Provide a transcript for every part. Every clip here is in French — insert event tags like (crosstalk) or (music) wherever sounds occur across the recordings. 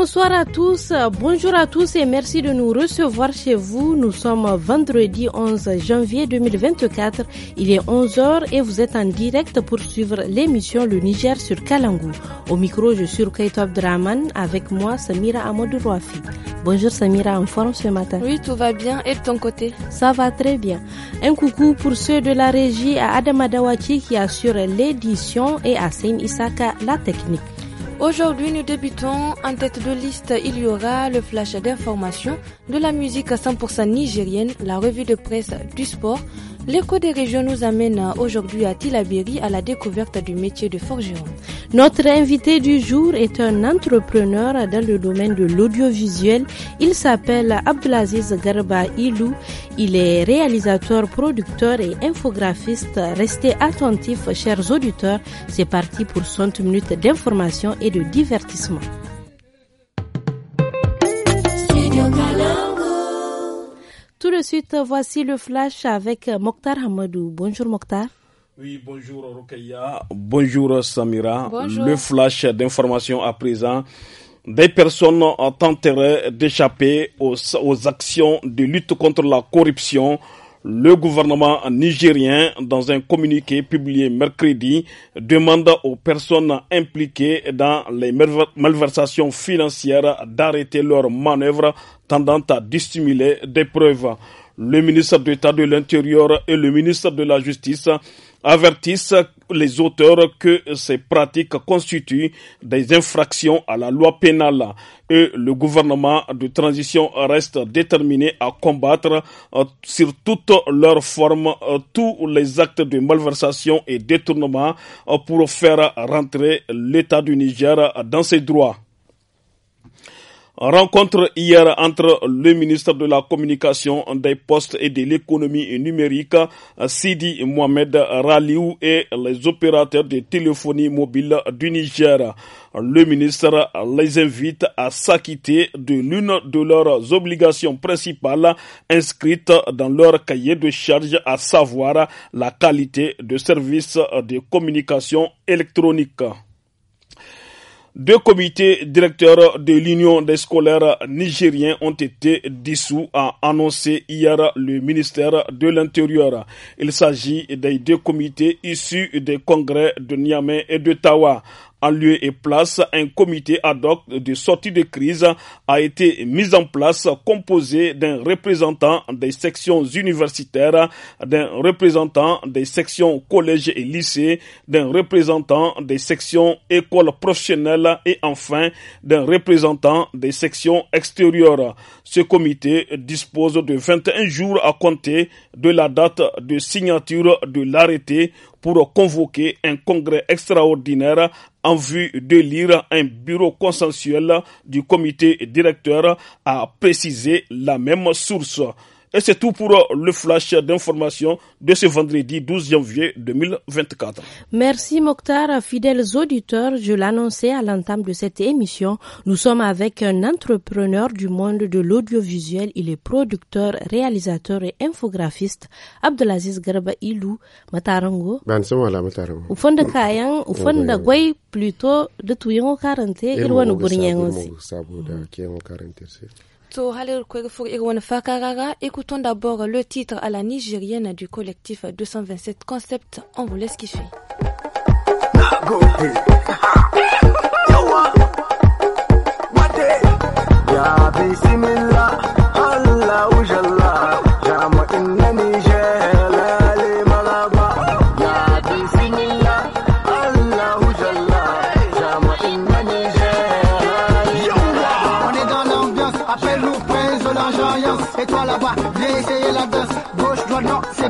Bonsoir à tous, bonjour à tous et merci de nous recevoir chez vous. Nous sommes vendredi 11 janvier 2024. Il est 11h et vous êtes en direct pour suivre l'émission Le Niger sur Kalangou. Au micro, je suis Kaito Draman avec moi Samira Amadou Bonjour Samira, en forme ce matin Oui, tout va bien et de ton côté Ça va très bien. Un coucou pour ceux de la régie à Adamadawati qui assure l'édition et à Seine Isaka la technique. Aujourd'hui, nous débutons. En tête de liste, il y aura le flash d'information, de la musique à 100% nigérienne, la revue de presse du sport, L'écho des régions nous amène aujourd'hui à Tilabiri à la découverte du métier de forgeron. Notre invité du jour est un entrepreneur dans le domaine de l'audiovisuel. Il s'appelle Abdelaziz Garba Ilou. Il est réalisateur, producteur et infographiste. Restez attentifs, chers auditeurs. C'est parti pour 60 minutes d'information et de divertissement. Tout de suite, voici le flash avec Mokhtar Hamadou. Bonjour Mokhtar. Oui, bonjour Rokeya, bonjour Samira. Le flash d'information à présent. Des personnes tenteraient d'échapper aux actions de lutte contre la corruption le gouvernement nigérien, dans un communiqué publié mercredi, demande aux personnes impliquées dans les malversations financières d'arrêter leurs manœuvres tendant à dissimuler des preuves. Le ministre d'État de l'Intérieur et le ministre de la Justice avertissent les auteurs que ces pratiques constituent des infractions à la loi pénale et le gouvernement de transition reste déterminé à combattre euh, sur toutes leurs formes euh, tous les actes de malversation et détournement euh, pour faire rentrer l'État du Niger dans ses droits. Rencontre hier entre le ministre de la Communication, des Postes et de l'Économie numérique, Sidi Mohamed Raliou et les opérateurs de téléphonie mobile du Niger. Le ministre les invite à s'acquitter de l'une de leurs obligations principales inscrites dans leur cahier de charge, à savoir la qualité de service de communication électronique. Deux comités directeurs de l'Union des scolaires nigériens ont été dissous, a annoncé hier le ministère de l'Intérieur. Il s'agit des deux comités issus des congrès de Niamey et d'Ottawa. En lieu et place, un comité ad hoc de sortie de crise a été mis en place composé d'un représentant des sections universitaires, d'un représentant des sections collèges et lycées, d'un représentant des sections écoles professionnelles et enfin d'un représentant des sections extérieures. Ce comité dispose de 21 jours à compter de la date de signature de l'arrêté pour convoquer un congrès extraordinaire en vue de lire un bureau consensuel du comité directeur, à préciser la même source. Et c'est tout pour euh, le flash d'information de ce vendredi 12 janvier 2024. Merci Mokhtar. Fidèles auditeurs, je l'annonçais à l'entame de cette émission, nous sommes avec un entrepreneur du monde de l'audiovisuel. Il est producteur, réalisateur et infographiste. Abdelaziz Garba Ilou, Matarango. Ben, Matarango. fond de fond de plutôt de 40, il écoutons e e d'abord le titre à la nigérienne du collectif 227 Concept. On vous laisse kiffer. Ya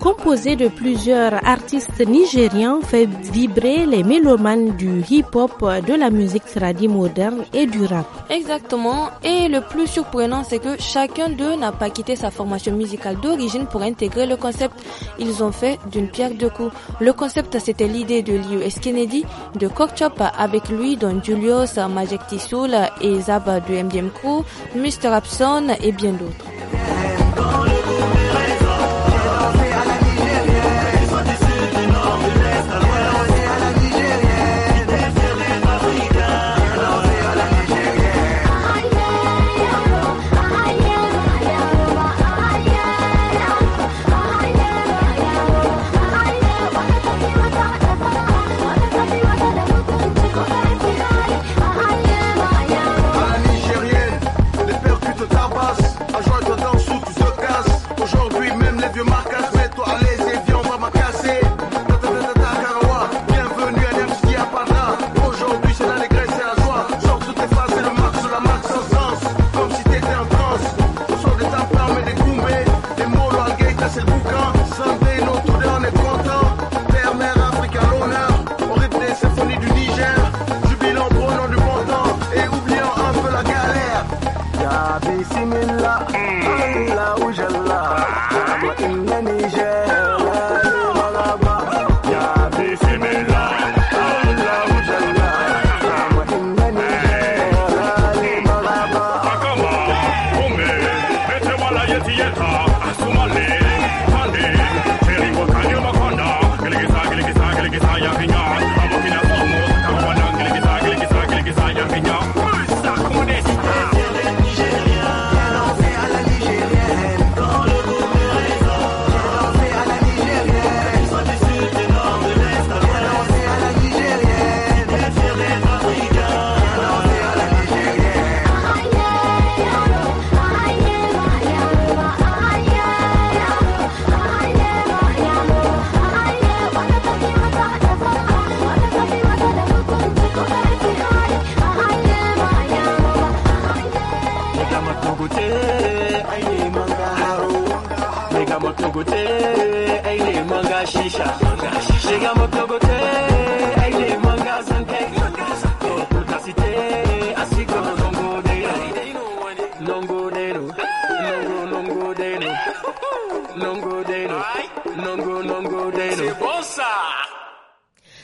composé de plusieurs artistes nigériens fait vibrer les mélomanes du hip-hop, de la musique tradie moderne et du rap. Exactement. Et le plus surprenant, c'est que chacun d'eux n'a pas quitté sa formation musicale d'origine pour intégrer le concept. Ils ont fait d'une pierre deux coups. Le concept, c'était l'idée de Lewis Kennedy, de Chop avec lui, dont Julius, Majek Tissoul et Zaba de MDM Crew, Mr. Abson et bien d'autres.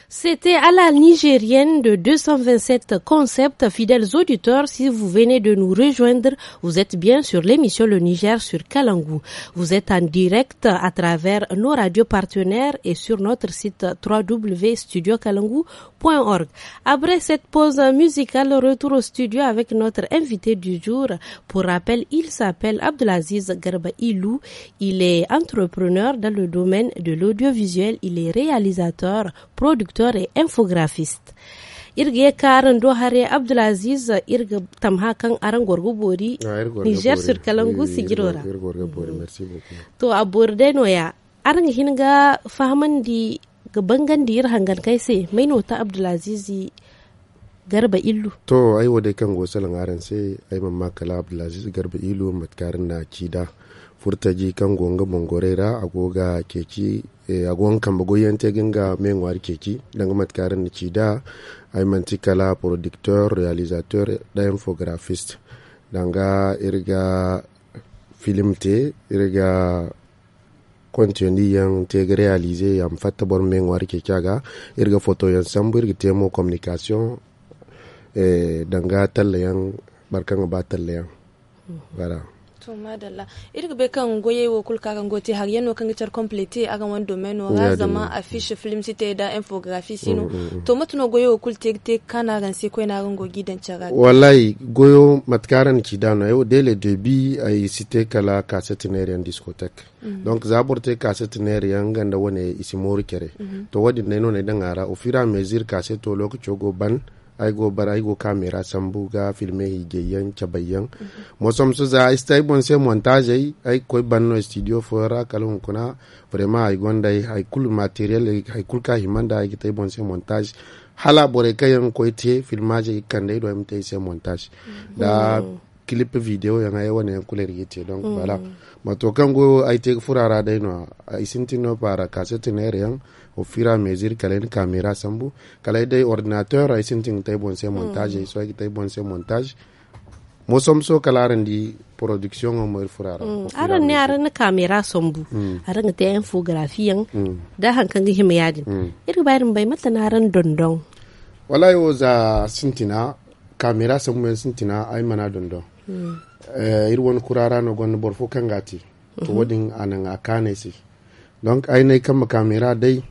C'était à la nigérienne de 227 concepts. Fidèles auditeurs, si vous venez de nous rejoindre, vous êtes bien sur l'émission Le Niger sur Kalangou. Vous êtes en direct à travers nos radios partenaires et sur notre site www.studiokalangou.org. Après cette pause musicale, retour au studio avec notre invité du jour. Pour rappel, il s'appelle Abdelaziz Garba Ilou. Il est entrepreneur dans le domaine de l'audiovisuel. Il est réalisateur, producteur et infographiste. irga ya karan dohare hare abdulaziz irga tamha kan aran gwargwabori bori ah, niger sur kalangu eh, sigirora to a borde no ya aran hinga fahaman di ga bangan di yir hangan kai sai mai nota abdulaziz garba illu to ai dai kan gosalan aran sai ai mamma kala abdulaziz garba illu matkarin na kida furtaji kan gonga bongorera agoga keki eh, agon kan bagoyen tegin ga menwar keki dan matkarin na kida Aymanti Kala, producteur, réalisateur, da infographiste. Danga, film contenu yang réalisé, photo communication, danga mm-hmm. Voilà. to madalla irga be kan goye wo kul ka kan gote har yano kan gitar complete kan wani domain wa ga zama affiche film site da infographie sino mm, mm, mm. to matuno goye wo kul te te kana ran se ko na ran go gidan cara wallahi goyo matkaran ki dano yo dele de bi ay site kala casetinarian discotheque donc za zaburte casetinarian ganda wone isimori kere mm-hmm. to wadi neno ne ara ofira mesure casetolo ko ban gobar bar aigo kamera buga filme higeyen cabayen mosom suza stay bon se montage ai koy banno studio fora kalon kuna vraiment ai gonda ai kul material ai kul ka himanda ai kitai bon se montage hala bore kayan koy te filmage kande do mtai se montage da mm. clip video yang ai wona kuler yete donc mm. voilà ma to kango ayte furara dayno ay sintino para kasetinere yan o fira et à kamera qu'elle a une caméra sambu qu'elle a des ordinateurs ay sintin tay bon se hmm. montage mm. so ay tay bon se montage mo somso kala di production o moyr furara mm. aran ne aran na kamera sombu mm. aran ta infografi yan mm. da hankan gihi mai yadin mm. iri bayarin bai mata na aran dondon wallahi wo za sintina kamera sambu sintina ay mana dondon mm. Eh, irwan kurara na gwani borfo kan gati to mhm. wadin anan kane si don ay kan kam kamera dai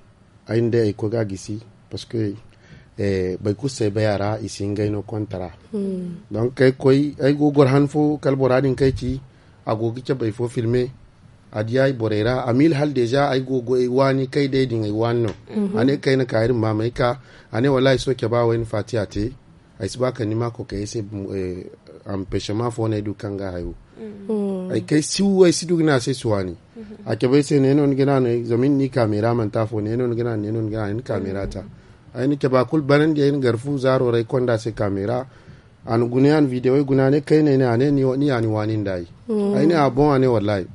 ay dai aiko ko gagisi parce que eh, bai ku sai bayara isin gaino kontara mm. don kai koi ai gogor hanfo kalboradin kai ci a gogi ke bai fo filme a diya yi borera mil hal deja ai gogo ai wani kai dai din ai wanno mm -hmm. ane kai na kairin mamaika ne wala so ke ba wani fatiya te a isi baka nima ko kai sai empêchement fo ne du kanga hayo ay kai siwu ay sidu gina se suani a ke sai se nenon gina ne zamin ni kamera man ta fo nenon gina nenon gina ni kamera ta ay ni ba kul banan ge in garfu zaro rai konda se kamera an gunyan video ay gunane kai ne ne ane ni ni ani wani ndai ay ne abon ane wallahi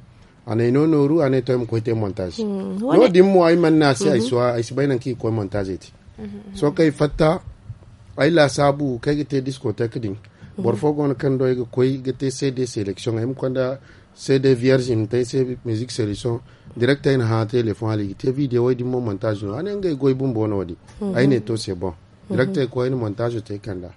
ane no noru ane tem ko te montage no dimmo ay man na se ay suwa ay sibainan ki ko montage ti mm-hmm. so kai fatta ay la sabu kai te discotheque din Mm-hmm. bor fogon kan do ga koy ga te cd selection hem kwanda cd vierge im te se music selection direct en ha telephone ali te video wadi mo montage no anen ga goy bumbo no wadi mm-hmm. ayne to se bon mm-hmm. direct e ko en montage te kanda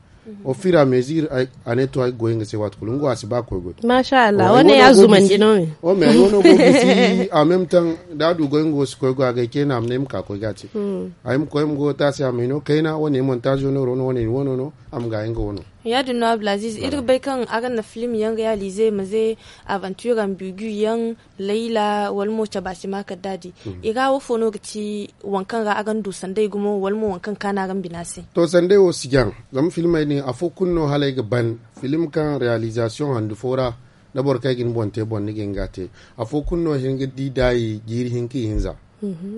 au fur et à mesure ane to ay goyenga se wat kulungu asiba ba go masha Allah wone e ya zumanji mi o me wono go (laughs) bisi en même temps da du goyengo se ko go aga kena amne mka ko gati mm. ay mko mgo ta se amino kena wone montage no rono wone wono no am ga wani ya di ablaziz ir bai kan agan na film yang ya lize maze aventura bugu yan laila walmo cha basi maka dadi hmm. iga wo fono ci wankan ga agan dusan dai gumo walmo wankan kana gan binasi to dai wasu gyan zama film ne afo kunno halai ga ban film kan realisation handu fora na borkai gin bonte bonni gengate afo kunno hin di dai giri ki hinza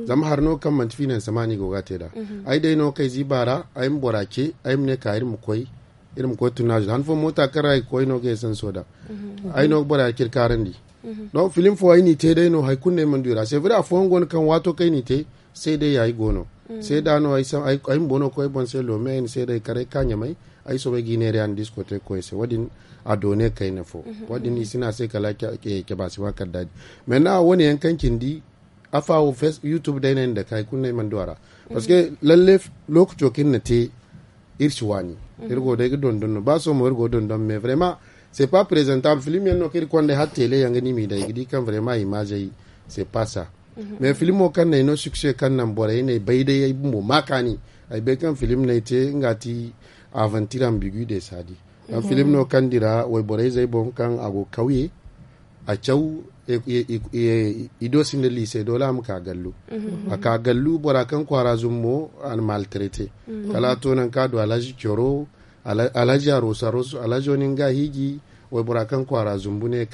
zam har no kam man finan samani go gate da mhm. ai dai no kai zibara ai mborake ai mne ka irin koi irin koi tunaj han fo mota karai koi no ke san soda mhm. ai no bora kir karandi mhm. no film fo ai ni te dai no hay kunne man dura sai vira fo ngon kan wato kai ni te sai dai yayi gono sai da no ai ai ai mbono koi bon sai lo men sai dai kare kanya mai ai so bai gine ran discote koi sai wadin a done kai na fo wadin sina sai kala ke ke ba si wakar dadi men na wani yankan kindi afa o youtube da yanayin da kai kunna man duwara paske lalle lokacin na te irci wani mhm. irgo da don don ba so mo irgo don don me vraiment c'est pas présentable film yanno kir konde ha télé yanga ni mi da gidi kan vraiment image yi c'est pas ça mhm. mais film o kan no succès kan nan bore ne bai dai yi mo makani ai be kan film ne te ngati aventure ambigu de sadi an mhm. film no kan dira way zai bon kan ago kauye a chau ido e, e, e, sinde lise do lam ka gallu mhm. a ka gallu bora kan kwara zummo an maltraité mhm. kala to nan ka do alaji kyoro alaji arosa rosu alaji onin ga higi wai bora kan kwara zumbu ne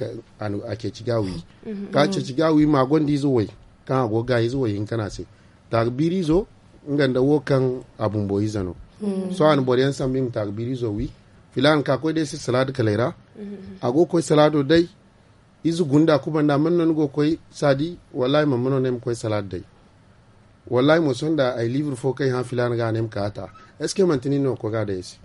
a ke cigawi mhm. ka ce cigawi ma gondi zuwai kan ago ga zuwai in kana se tagbiri zo nganda wo kan abun boyi zano so an boriyan sambim tagbiri zo wi filan ka ko dai si salad kalera ago ko salado dai izu gunda kubanda nan go koy sadi wallahi ma mannon nem koy salat dai wallahi mo sonda ay livre fo kay han filan ga nem kata est ce que mantini no ko ga si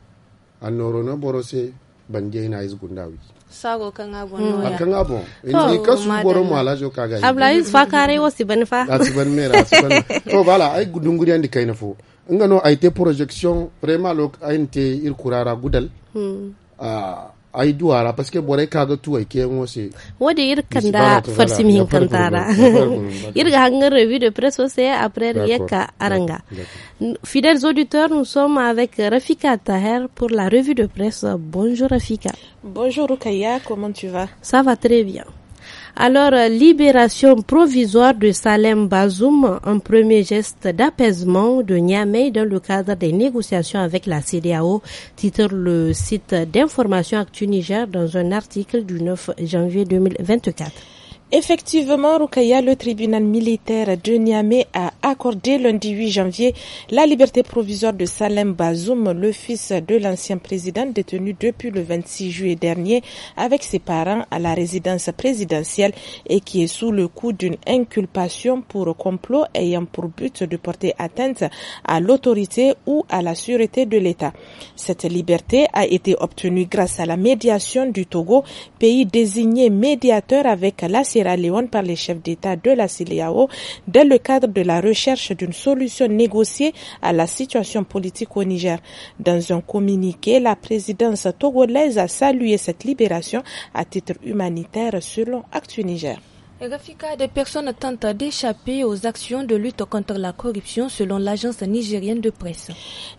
an noro no borose banje na izu gunda wi sago kan abon hmm. ya kan abon ni kasu boro ala jo kaga abla izu fa kare wasi ban fa asiban mera ban to bala ay gudunguri andi kay na fo nga no ay te projection vraiment lo ay te ir kurara gudal hmm. ah ay duwara paske bore kaga tuwa ke ngose wode kanda kantara ir ga hangar revue de presse c'est après yeka aranga fidèles auditeurs nous sommes avec Rafika Taher pour la revue de presse bonjour Rafika bonjour Rukaya comment tu vas ça va très bien alors, euh, libération provisoire de Salem Bazoum, un premier geste d'apaisement de Niamey dans le cadre des négociations avec la CDAO, titre le site d'information Actu Niger dans un article du 9 janvier 2024. Effectivement, Rukaya, le tribunal militaire de Niamey a accordé lundi 8 janvier la liberté provisoire de Salem Bazoum, le fils de l'ancien président détenu depuis le 26 juillet dernier avec ses parents à la résidence présidentielle et qui est sous le coup d'une inculpation pour complot ayant pour but de porter atteinte à l'autorité ou à la sûreté de l'État. Cette liberté a été obtenue grâce à la médiation du Togo, pays désigné médiateur avec la à Léon par les chefs d'État de la CILIAO e dans le cadre de la recherche d'une solution négociée à la situation politique au Niger. Dans un communiqué, la présidence togolaise a salué cette libération à titre humanitaire selon Actu Niger des personnes tentent d'échapper aux actions de lutte contre la corruption selon l'agence nigérienne de presse.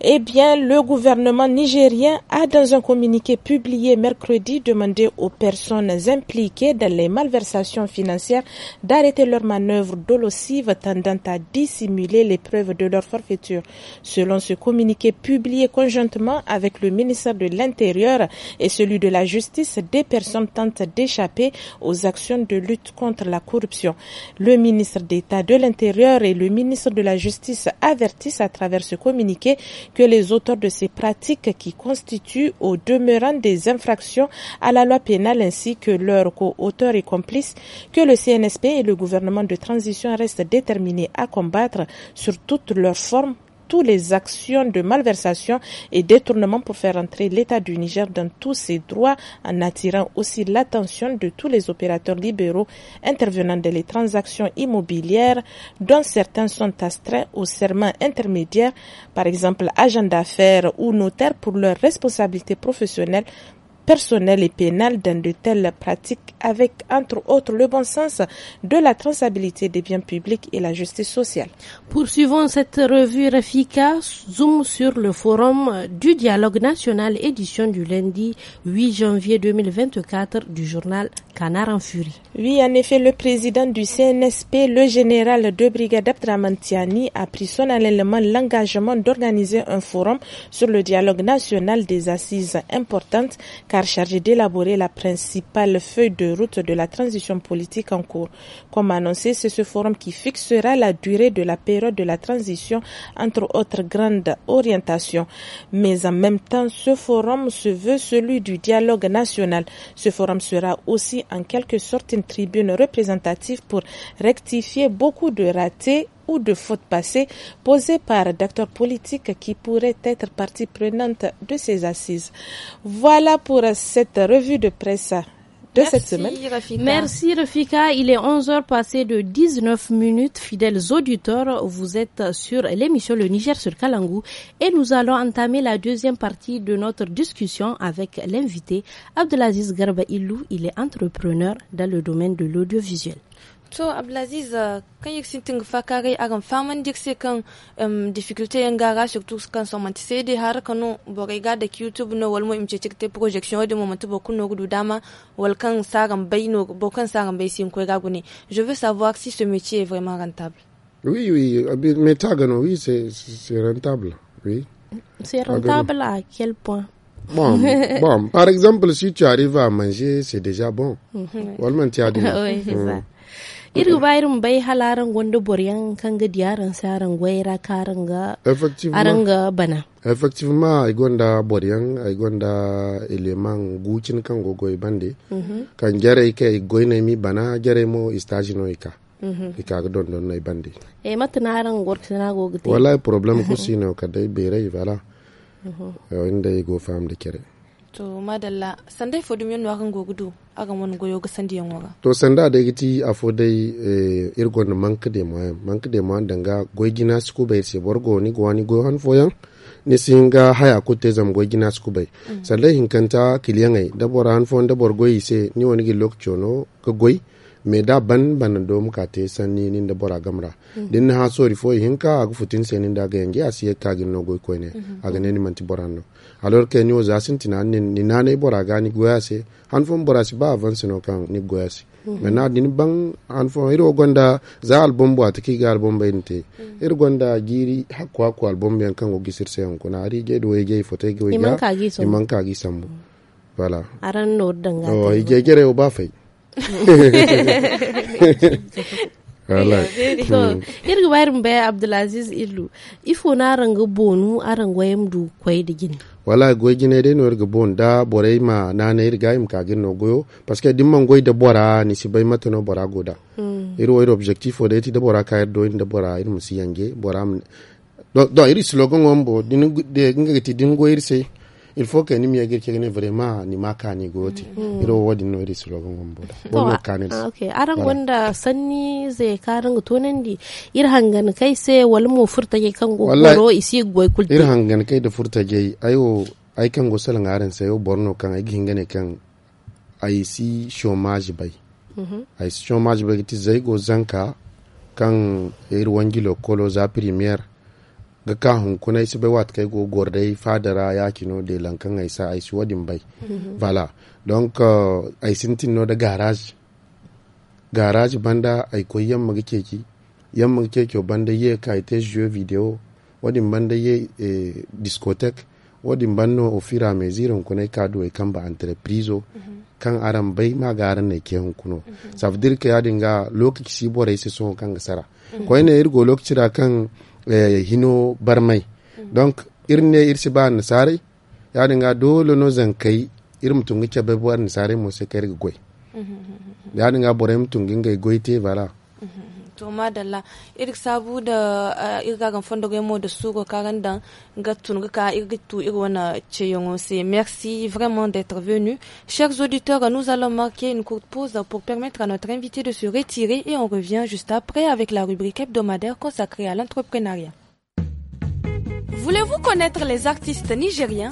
Eh bien, le gouvernement nigérien a dans un communiqué publié mercredi demandé aux personnes impliquées dans les malversations financières d'arrêter leurs manœuvres dolosives tendant à dissimuler les preuves de leur forfaiture. Selon ce communiqué publié conjointement avec le ministère de l'Intérieur et celui de la Justice, des personnes tentent d'échapper aux actions de lutte contre la corruption. Le ministre d'État de l'Intérieur et le ministre de la Justice avertissent à travers ce communiqué que les auteurs de ces pratiques qui constituent au demeurant des infractions à la loi pénale ainsi que leurs co-auteurs et complices, que le CNSP et le gouvernement de transition restent déterminés à combattre sur toutes leurs formes tous les actions de malversation et détournement pour faire entrer l'État du Niger dans tous ses droits en attirant aussi l'attention de tous les opérateurs libéraux intervenant dans les transactions immobilières dont certains sont astreints au serment intermédiaire, par exemple agent d'affaires ou notaire pour leurs responsabilités professionnelles Personnel et pénal dans de telles pratiques avec, entre autres, le bon sens de la traçabilité des biens publics et la justice sociale. Poursuivons cette revue efficace zoom sur le forum du dialogue national édition du lundi 8 janvier 2024 du journal canard en furie. Oui, en effet, le président du CNSP, le général de brigade Abdramantiani, a pris son solennellement l'engagement d'organiser un forum sur le dialogue national des assises importantes, car chargé d'élaborer la principale feuille de route de la transition politique en cours. Comme annoncé, c'est ce forum qui fixera la durée de la période de la transition, entre autres grandes orientations. Mais en même temps, ce forum se veut celui du dialogue national. Ce forum sera aussi en quelque sorte une tribune représentative pour rectifier beaucoup de ratés ou de fautes passées posées par d'acteurs politiques qui pourraient être partie prenante de ces assises. Voilà pour cette revue de presse. Merci, cette Rafika. Il est 11h passé de 19 minutes. Fidèles auditeurs, vous êtes sur l'émission Le Niger sur Kalangou et nous allons entamer la deuxième partie de notre discussion avec l'invité Abdelaziz Garba Illou. Il est entrepreneur dans le domaine de l'audiovisuel to quand uh, kan yik sintin fa kare agan faman dit se kan um, difficulté en gara surtout quand son manti se de har kanu bogai ga da youtube no walmo imce cikte projection de moment bo kuno gudu dama wal kan sagan bayno bo kan sagan bay sin ko je veux savoir si ce métier est vraiment rentable oui oui mais tagano oui c'est c'est rentable oui c'est ah, rentable à quel point Bon, (laughs) bon, par exemple, si tu arrives à manger, c'est déjà bon. Mmh. tu as dit. (laughs) oui, c'est mm. ça. irin bayirin bai halaran gwanda boryan kan ga diyaran saran gwaira karan ga aran ga bana effectivement ay gonda boryan ay gonda ileman gucin kan gogo bande mm -hmm. kan jere ke goyne mi bana gyara mo istaji no ika mhm. ika ga don don bande e eh, matna aran gorkina gogo te wala problem (laughs) ko sino kadai bere yi bala -hmm. Eh, inda go fam de kere to madalla sanda sandai fodum yon kan gogudu aga mon goyo ga sandi yan waga to sanda da giti a fo dai eh, irgon mank de mo manka de mo danga goigina sku bai se borgo ni gwani go han foyan ni singa haya ko te zam goigina sku bai mm. sandai kanta kiliyan ai dabora han fon dabor goyi se ni woni gi lokcho no ko goyi me da ban ban do ka te sanni ni da bora gamra mm-hmm. din ha sori fo hinka aga futin se nin da ga yangi asiye tagin no goy koyne aga ne mm-hmm. ni manti boranno alors que ni o zasin tina ni nane bora ga ni goyase han fon bora si ba avance no kan ni goyase maintenant mm-hmm. din ban an fo iro gonda za album bo atiki ga album be inte ir gonda giri hakko hakko album be kan go gisir se on kuna ari ge do e ge foto ge ga iman ka gi sammu wala aran no danga o oh, ge gere o ba fai yar ga bayar baya abdulaziz Ilu. ifo na ranga bonu a rangwayem du kwai da gini wala goy gine de nor ga bon da borai ma na na irga im ka gin no goyo parce que dimman goy da bora ni si bay mata no bora goda iro hmm. iro objectif o de ti da bora ka do in da bora ir musiyange bora do do iri slogan on bo dinu de ngi ti dingo irse il faut que ni mi yegir kegene vraiment ni maka ni goti mm. Mm. iro wadi no iri slogan gombo bonno kanel ah, ok aran gonda sanni ze karin tonen di ir hangan kai se wal mo furta ke kan goro isi goy kulti ir hangan kai da furta ke ayo ay kan go sal ngaren se yo borno kan ay gingane kan ay si chômage bay. Mhm. ay si chômage bay ti zai go zanka kan ir er wangilo kolo za premiere ga ka hunkuna isi bai wata kai gogor dai fadara ya kino de lankan aisa aisi wadin bai mhm. vala donc uh, aisin tinno da garage garage banda ai ko yamma gike yamma gike banda ye kai te video wadin banda ye e, discotheque wadin banno ofira mai zirin kunai kado e kan ba entreprise mhm. kan aran bai ma garan ne ke hunkuno mhm. safdirka ya dinga lokaci bora sai sun kan gasara ko ne irgo lokaci da kan Eh, hino barmai donc irne irsi ba nasare ya dinga dole no kai irin tungi ke bebuwar nasare mo se kare goy mhm, mhm, mhm. ya dinga bore mutungin ga te bala merci vraiment d'être venu chers auditeurs nous allons marquer une courte pause pour permettre à notre invité de se retirer et on revient juste après avec la rubrique hebdomadaire consacrée à l'entrepreneuriat Voulez-vous connaître les artistes nigériens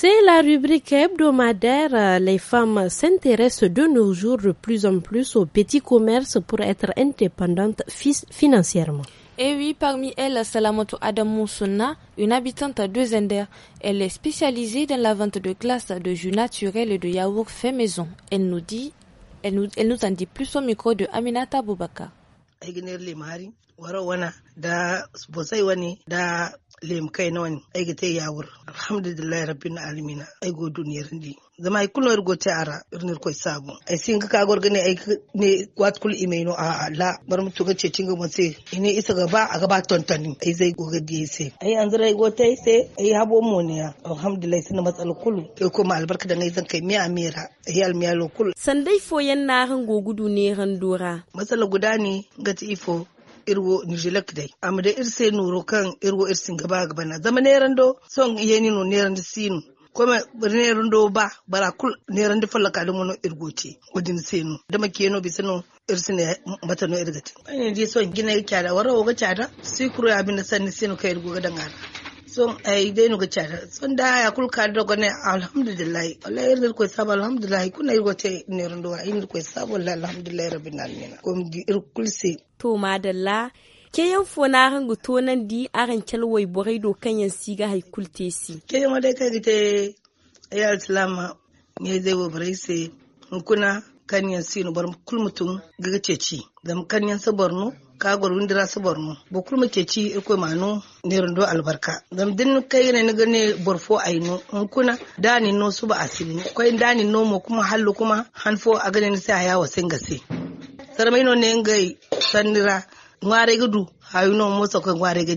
C'est la rubrique hebdomadaire. Les femmes s'intéressent de nos jours de plus en plus au petit commerce pour être indépendantes financièrement. Et eh oui, parmi elles, Salamoto Adam Moussona, une habitante de Zender. Elle est spécialisée dans la vente de glace, de jus naturel et de yaourt fait maison. Elle nous dit, elle nous, elle nous en dit plus au micro de Aminata Boubaka. lem kai ne aiga te yawur alhamdulillahi rabbil alamin ai go duniyar ndi zama ai kulno irgo te ara irnir koy sabu ai sin ka gor gane ai ne wat kul imeino a la bar mu tuga ce tinga sai ine isa gaba a gaba tontani ai zai goga diye sai ai an zira go te sai ai habo mu ne alhamdulillah sina matsal kulu ko kuma albarka da nai zan kai miya mira ai al miya lo kul sandai yan na han go gudu ne han dora matsal guda ne ga ifo irwo nijilak dai da irse nuro kan irwo irsin gaba gaba na zama neran do son ni no neran sinu kuma neran do ba bara kul neran da fallaka da mono irgoti gudin sinu da makeno ne irsine no irgati ne je son gina yake da warawa ga cada sikuru abin da sanni sinu kai irgo ga dangara son yi eh, denu ga cara son da ya kulka ka dogo ne alhamdulillah wallahi irdir ko sab alhamdulillah kuna yi te ne rundowa wa kai ko alhamdulillahi wallahi na rabbil alamin kom di ir kulse to madalla ke yin fona hangu to nan di aran kelwai borai do kan yan siga hay si. ke yi wadai ka gite ya islama ne zai wa borai se kuna kan yan sinu bar kulmutum mutum gace ci zam kan yan saborno kagor windira sabar mu bokul ci irko manu ne rundo albarka zam din kai ne ga ne borfo aino in kuna dani no suba asini kai dani no mo kuma hallo kuma hanfo a ganin sai haya wasin gase sarmaino ne ngai sandira ngware gudu hayuno mo sokon ngware ga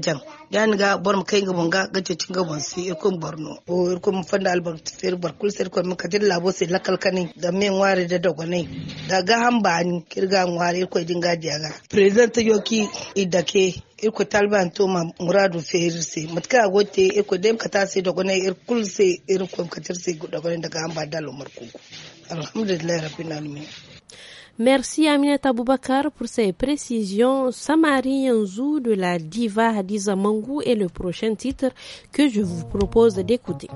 yani ga bor mu kai gabon ga gace cin gabon si irkun borno o irkun fanda albert sir kul sir kun ka dilla bo sai lakal kanin da men ware da dogonai da ga hamba ni kirga ware irkun dinga ga president yoki idake irko talban to ma muradu ferirse matka gote irko dem ka tase da gone irkul se irko ka tirse da ga daga an ba dalomar kuku alhamdulillah rabbil alamin Merci Aminata Boubakar pour ces précisions. Samari Yanzou de la diva Hadiza Mangou est le prochain titre que je vous propose d'écouter.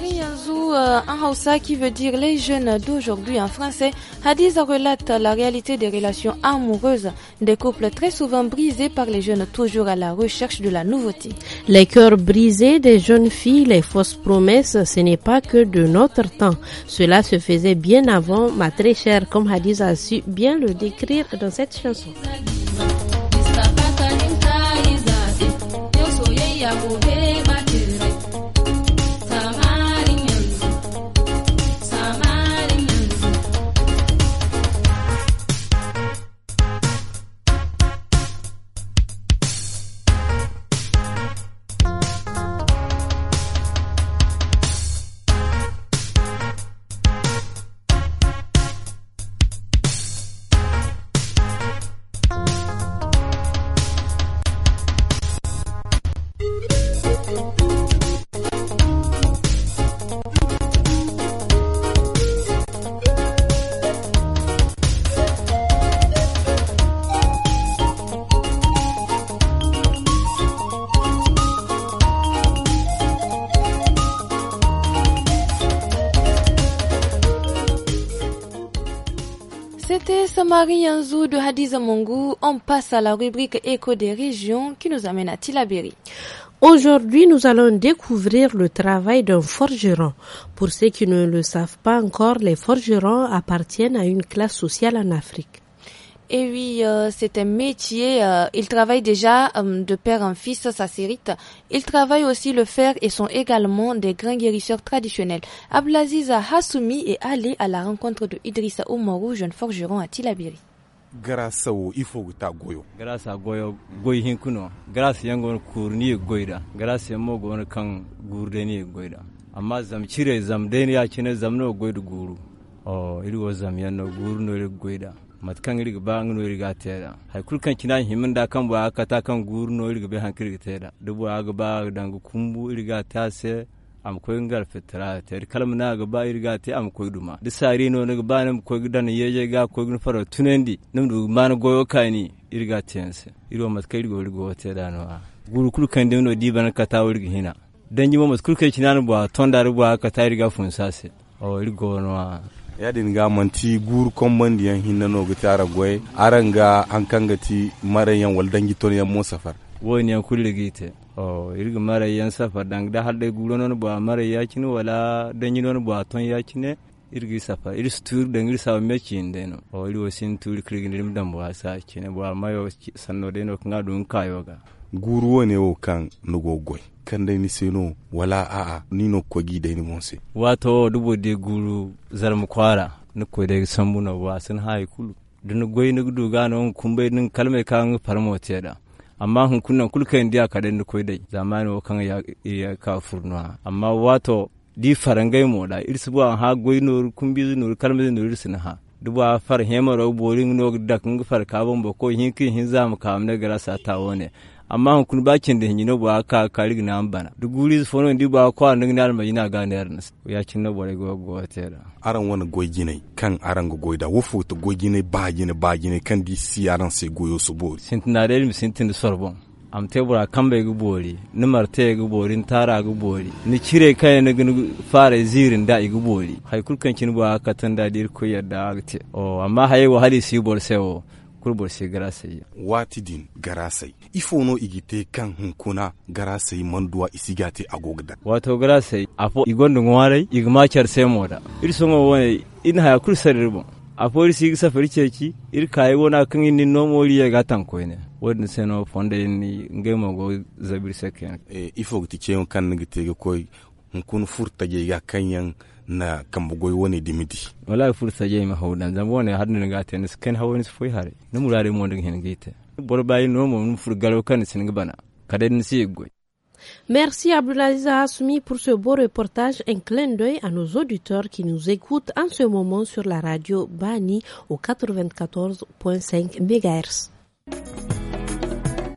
Marie en euh, Hausa qui veut dire les jeunes d'aujourd'hui en français, Hadiza relate la réalité des relations amoureuses des couples très souvent brisés par les jeunes toujours à la recherche de la nouveauté. Les cœurs brisés des jeunes filles, les fausses promesses, ce n'est pas que de notre temps. Cela se faisait bien avant, ma très chère, comme Hadiza a su bien le décrire dans cette chanson. on passe à la rubrique Écho des régions qui nous amène à Tilabiri Aujourd'hui, nous allons découvrir le travail d'un forgeron. Pour ceux qui ne le savent pas encore, les forgerons appartiennent à une classe sociale en Afrique. Et oui, euh, c'est un métier. Euh, il ils travaillent déjà euh, de père en fils, ça sérite. Ils travaillent aussi le fer et sont également des grands guérisseurs traditionnels. Ablaziza Hassoumi est allé à la rencontre de Idrissa Oumarou, jeune forgeron à Tilabiri. grâce au ifoguta goyo grâce a goyo goy hinkuno grâce yangon kurni goyda grâce mo gon kan gurdeni goyda amma zam cire zam den ya cine zam no goydu guru o iri wo zam yanno guru no ri goyda mat kan ri ba ngno iri ga teda hay kul kan cina himin da kan ba kata kan guru no ri be han kri teda dubu aga ba dangu kumbu ri ga tase am koyngal fetera ter kala ga naga ba irga te am koyduma de sari no naga ba nam dan yeje ga koygnu faro tunendi namdu man goyo kani irga tense iro mat kayr go irgo te dano a guru kul kan de no di ban ka ta irga hina dan jimo mat kul kay cinan bo tondar bo ka ta irga fun sase o irgo no a yadin ga manti gur komban yan hinna no gitara goy aranga hankanga ti yan waldangi ton yan mo safar woni yan kulligite Ɔ oh, irigi mara yan safar dang da halde gulo non ba mara ya cini wala danyi non ba ton ya yakine irgi safa iri stur dang iri sawa mechi indeno o oh, iri sin tur krigin rim dam ba sa kine ba mayo sanno deno kanga dun kayo ga guruwo ne wo kan nugo goy kan dai ni seno wala a'a ni no kogi dai ni monse wato dubo de guru mu kwara ni ko dai sambu no ba sun hay kulu dun goy ni duga non kumbe nin kalme kan farmo teda amma hun kunnan kulka india kaɗan ni koyi zamani o kan ya, ka furnuwa amma wato di farangai da irsi buwa ha nori kumbizi nur kalmizi nur irsina ha duba far rau boring nori da ng far kabon bo ko hinki hin na gara sa ta tawone amma hun kun bakin da hinyi bo ka karig na ambana du guri fono indi ba kwa nung na alma yina gane ne ernas ya cin na bore go go tera aran wani goyi gine kan aran goyi da wufu ta goyi gine ba gine ba gine kan di si aran sai goyo su bo sintinare mi da sorbon am tebura kan bai bori ni ya gubori bori tara gubori bori ni cire kai ni gun fara zirin da i bori haikul kan kin ba ka tan da dir ko yadda agte o amma haye wa hali si bor sewo kurbose garasai watidin garasai no igite kan hunkuna garasai manduwa isigate agogda wato garasai afo igondo ngware igma charse moda ngo wone in haya kursarirbo afo irsi igsa ir kai wona kan inni nomori ya gatan koine wadin seno fonde ni ngemo go zabir seken e ifo gitiche kan ngitege koy hunkun furta je ga kanyan na kambugoy woni dimidi wala fursa jey ma hawdan zam woni hadna nga ten sken hawoni foy hare no murare mo ndeng hen gite bor bayi no mo fur galo kan sin bana kaden si goy Merci Abdulaziz Assoumi pour ce beau reportage. Un clin d'œil à nos auditeurs qui nous écoutent en ce moment sur la radio Bani au 94.5 MHz.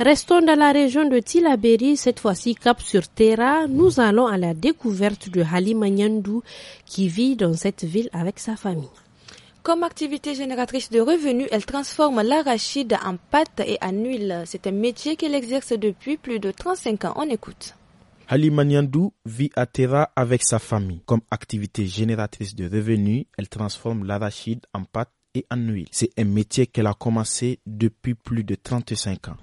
Restons dans la région de Tilaberi, cette fois-ci cap sur Terra. Nous allons à la découverte de Halimanyandou qui vit dans cette ville avec sa famille. Comme activité génératrice de revenus, elle transforme l'arachide en pâte et en huile. C'est un métier qu'elle exerce depuis plus de 35 ans. On écoute. Halimanyandou vit à Terra avec sa famille. Comme activité génératrice de revenus, elle transforme l'arachide en pâte et C'est un métier qu'elle a commencé depuis plus de 35 ans.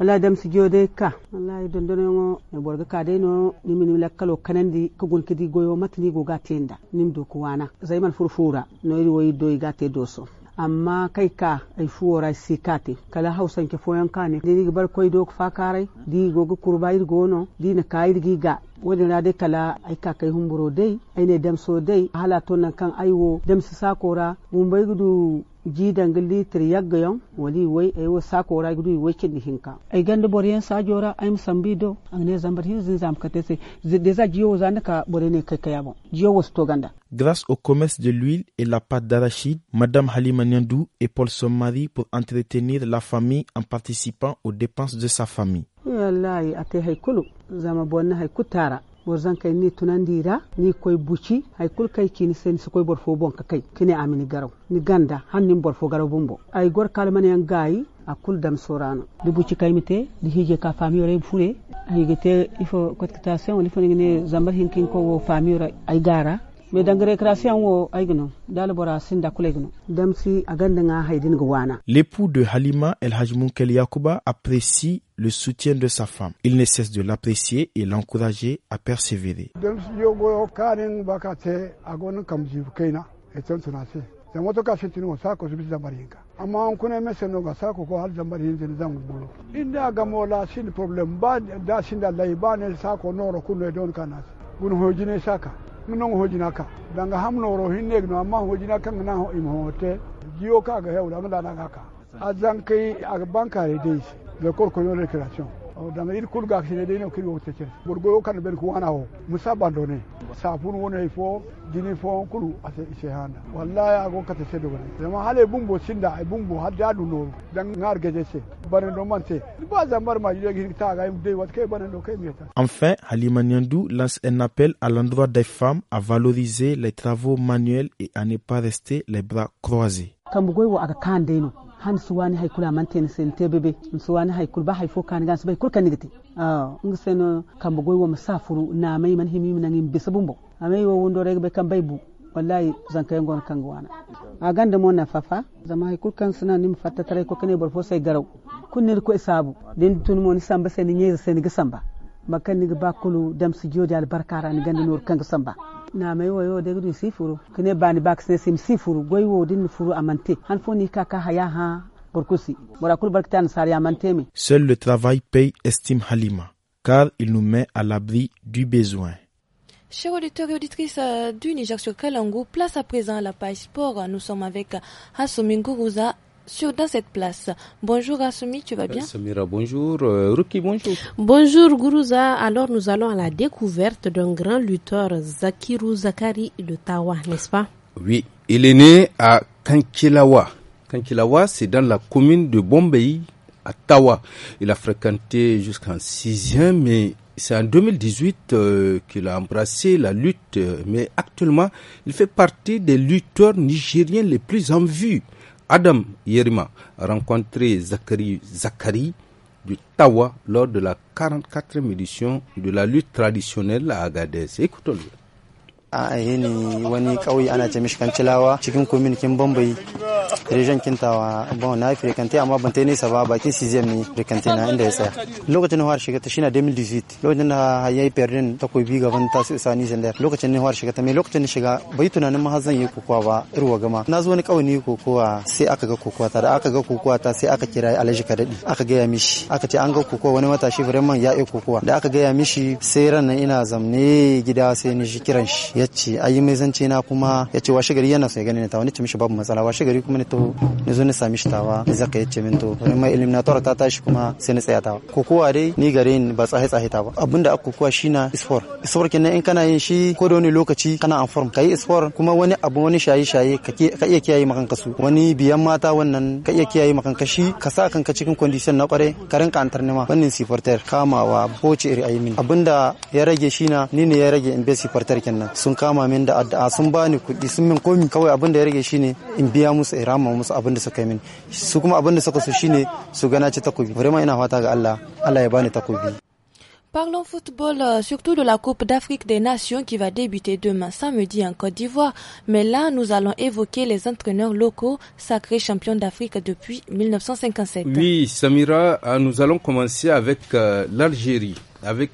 amma kai ka ai fuwora si kate kala hausan ke foyan kane dini bar koy dok fa karai di gogo kurba ir gono di na kayir giga wani na kala ai ka kai humburo dai ai ne damso dai hala to nan kan aiwo damsi sakora mun bai gudu jiida ngi litiri yagga yon wali wai ay wo sako ra gudu wai kin hinka ay ganda boriyan sa jora ay musambi do an ne zambar hizu zam ka tese déjà jiyo zan ka bore ne jiyo wo sto ganda Grâce au commerce de l'huile et la pâte d'arachide, Madame Halima Nyandou épaule son mari pour entretenir la famille en participant aux dépenses de sa famille. Wallahi ate haykulu zama bonna haykutara borzan kai ni tunandira ni koy buci hay kul kai kini sen su koy borfo bon kai kine amini garaw ni ganda hannin fo garaw bumbo ay gor kalmane yan gayi akul dam sorana di buci kay mite di hije ka fami yore fure hige te ifo kotkita sen woni fo ne zambar hinkin ko wo fami yore ay gara me dangere krasiyan wo aigno dal bora sinda kulegno damsi aganda nga haydin gwana l'époux de Halima El kel Yakuba apprécie le soutien de sa femme. Il ne cesse de l'apprécier et l'encourager à persévérer. bakate zamotoka fitini wa sako zibisi zambaringa amma an kuna mese no ga sako ko hal zambarin zin zam bulu inda ga mola sin problem ba da sinda da lay ba ne sako noro kuno don kanas gun hojine saka hojina ka danga hamno ro hinne gno amma kan na ho imhote jiyo ka ga hewla ngana ka azan kai a bankare dai le kor ko de création dangani kul ga kine dene kiri wote chen gorgo kan ben kuwana ho musa bandone sapun wona fo dini fo kulu ase shehanda wallahi ago kata sedo bane zama hale bumbo sinda ai bumbo har da duno dan ngar geje se bane do manse ba zambar ma yule gir ta ga de wat ke bane do ke mieta enfin Halima Nyandou lance un appel à l'endroit des femmes à valoriser les travaux manuels et à ne pas rester les bras croisés kambugo wo aga kande no han suwani haikula manten sente bebe suwani haikul ba haifo kan gan subai kulkan nigiti ah ngiseno uh, kambugoi wa musafuru na mai man himi ngi in bisabumbo amai wo wondo reg be kan baibu wallahi kai ngon kan gwana a ganda mo na fafa zama haikul kan suna nim fatta tare ko kane barfo sai garau kunnir ko isabu din tun mo ni samba sai ni nyi sai ni samba makan ni ba kulu dam su jodi barkara ni ganda nur kan samba seul le travail paye estime Halima car il nous met à l'abri du besoin Chers auditeurs et auditrices euh, du Niger sur Kalangu, place à présent à la page sport. Nous sommes avec Hassoumi Gourouza sur dans cette place. Bonjour Asumi, tu vas bien Samira, bonjour. Euh, Ruki, bonjour. Bonjour Guruza. Alors nous allons à la découverte d'un grand lutteur, Zakiru Zakari de Tawa, n'est-ce pas Oui, il est né à Kankilawa. Kankilawa, c'est dans la commune de Bombay, à Tawa. Il a fréquenté jusqu'en 6e, mais c'est en 2018 euh, qu'il a embrassé la lutte, euh, mais actuellement, il fait partie des lutteurs nigériens les plus en vue. Adam Yerima a rencontré Zachary, Zachary du Tawa lors de la 44e édition de la lutte traditionnelle à Agadez. Écoutons-le. a aihe ni wani ƙauye ana ce mishi kancilawa cikin kominikin bambayi region kintawa bon na frequente amma ban tai nesa ba bakin cesium ne frequente na inda ya tsaya lokacin har shiga ta shina 2018 lokacin da ya yi perdin takobi gaban tasu isa ni zanda lokacin ne har shiga ta me lokacin da shiga bai tunanin ma zan yi kokowa ba irwa gama na zo wani ƙauye ne kokowa sai aka ga kokowa ta da aka ga kokowa ta sai aka kira Alhaji Kadadi aka gaya mishi aka ce an ga kokowa wani matashi vraiment ya yi kokowa da aka gaya mishi sai ran ina zamne gida sai ni shi kiran shi ya ayi mai zance na kuma ya ce washe gari yana sai ya gani ta wani ce mishi babu matsala washe gari kuma ni to ni zo ni sami shi tawa ni zaka ya ce min to wani mai eliminator ta tashi kuma sai ni tsaya tawa kokowa dai ni gare ni ba tsaye tsaye ta ba abinda aka kokowa shi na isfor isfor kenan in kana yin shi ko da wani lokaci kana an form kai isfor kuma wani abu wani shaye shaye ka iya kiyaye makan kasu wani biyan mata wannan ka iya kiyaye makan kashi ka sa kanka cikin condition na kware ka rinka antarnima wannan kama kamawa ko ce iri ayi min abinda ya rage shi na ni ne ya rage in be sifartar kenan Parlons football, euh, surtout de la Coupe d'Afrique des Nations qui va débuter demain samedi en Côte d'Ivoire. Mais là, nous allons évoquer les entraîneurs locaux, sacrés champions d'Afrique depuis 1957. Oui, Samira, euh, nous allons commencer avec euh, l'Algérie, avec